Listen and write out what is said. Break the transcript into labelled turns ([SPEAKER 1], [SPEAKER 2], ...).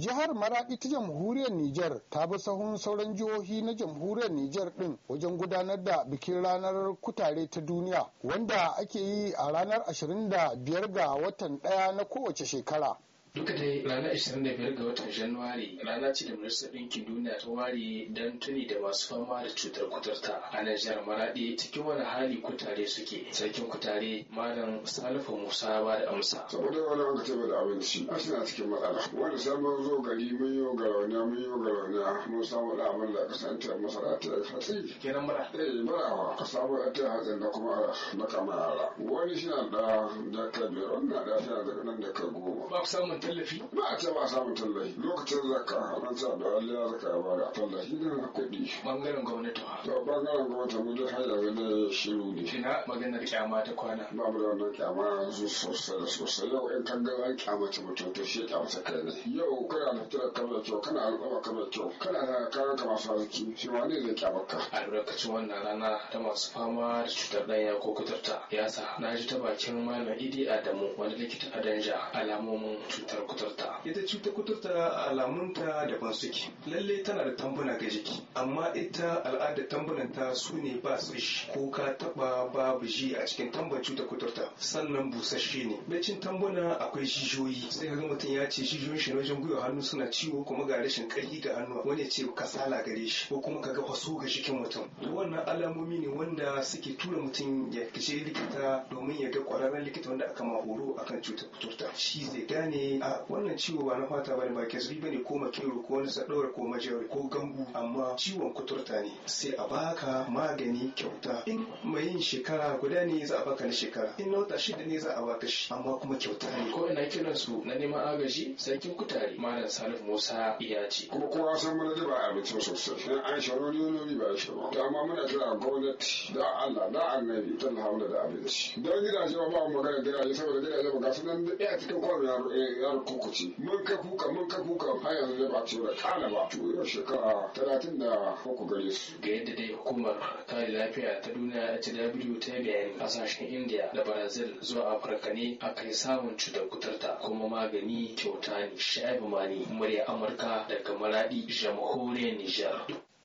[SPEAKER 1] jihar maraɗi ta jamhuriyar niger ta bi sahun sauran jihohi na jamhuriyar niger ɗin wajen gudanar da bikin ranar kutare ta duniya wanda ake yi a ranar 25 ga watan ɗaya na kowace shekara
[SPEAKER 2] Duka dai ranar 25 ga watan Januwari rana ce da Majalisar Ɗinkin Duniya ta ware don tuni da masu fama da cutar kuturta a Najar Maraɗi cikin wani hali kutare suke. Sarkin kutare Malam
[SPEAKER 3] Salifu Musa ba da amsa. Saboda wani wanda ta da abinci a suna cikin matsala. Wanda samun zo gari mun yi garauna mun yi garauna mun samu da abin da kasantar masara ta fatsi Kenan mura. Eh murawa ka samu ta hatsin da kuma na kamara. Wani shi na da da kabiru wani na da shi na da nan da ka goma. Ba ku samun tallafi ba a ce ba samun tallafi lokacin zakka an sa da alliya zakka ba da tallafi na kuɗi bangaren gwamnati ba to bangaren gwamnati mu dai har yanzu ne shiru ne kina maganar kyama ta kwana ba mu da wannan kyama su sosai da sosai yau in kan ga an kyamace mutum to shi ta kai ne yau kana da fitar kamar kyau kana al'umma kamar kyau kana da kayan ka masu arziki shi ma ne zai kyamaka
[SPEAKER 2] albarkacin wannan rana ta masu fama da cutar danya ko kuturta ya sa na ji ta bakin malam idi adamu wani likita a danja alamomin cutar cutar kuturta ita cutar kuturta
[SPEAKER 4] alamunta daban suke lalle tana da tambuna ga jiki amma ita al'adar tambunan ta su ne ba su shi ko ka taba babu ji a cikin tambar cutar kuturta sannan busasshe ne bacin tambuna akwai jijiyoyi sai ka ga mutum ya ce jijiyoyin shi wajen gwiwa hannu suna ciwo kuma ga rashin ƙarfi ga hannu wani ce kasala gare shi ko kuma ka ga faso ga jikin mutum wannan alamomi ne wanda suke tura mutum ya je likita domin ya ga ƙwararren likita wanda aka ma horo akan cutar kuturta shi zai gane a wannan ciwo ba na fata bane ba kesbi bane ko makero ko wani sadawar ko majiyar ko gambu amma ciwon kuturta ne sai a baka magani kyauta in mai yin shekara guda ne za a baka na shekara in nauta wata shida
[SPEAKER 2] ne za a baka shi amma kuma kyauta ne ko ina kiran su na neman agaji sarkin kutare malam
[SPEAKER 3] salif musa ce kuma a san mana da ba abincin sosai na an shawo ne ba shi ba to amma muna kira gwamnati da Allah da annabi ta hamla da abinci don gidaje ba ba magana gidaje saboda gidaje ba ga sunan da eh, a cikin kwano ya shekarar kuka ce mun ka kuka mun ka kuka har yanzu ba da kana ba to yau shekara talatin da uku gare su ga yadda dai
[SPEAKER 2] hukumar kare lafiya ta duniya WHO ta bayani kasashen India da Brazil zuwa Afirka ne a kai samun cutar kutarta kuma magani kyauta ne Shaibu Mani murya Amurka daga Maradi jamhuriyar Nijar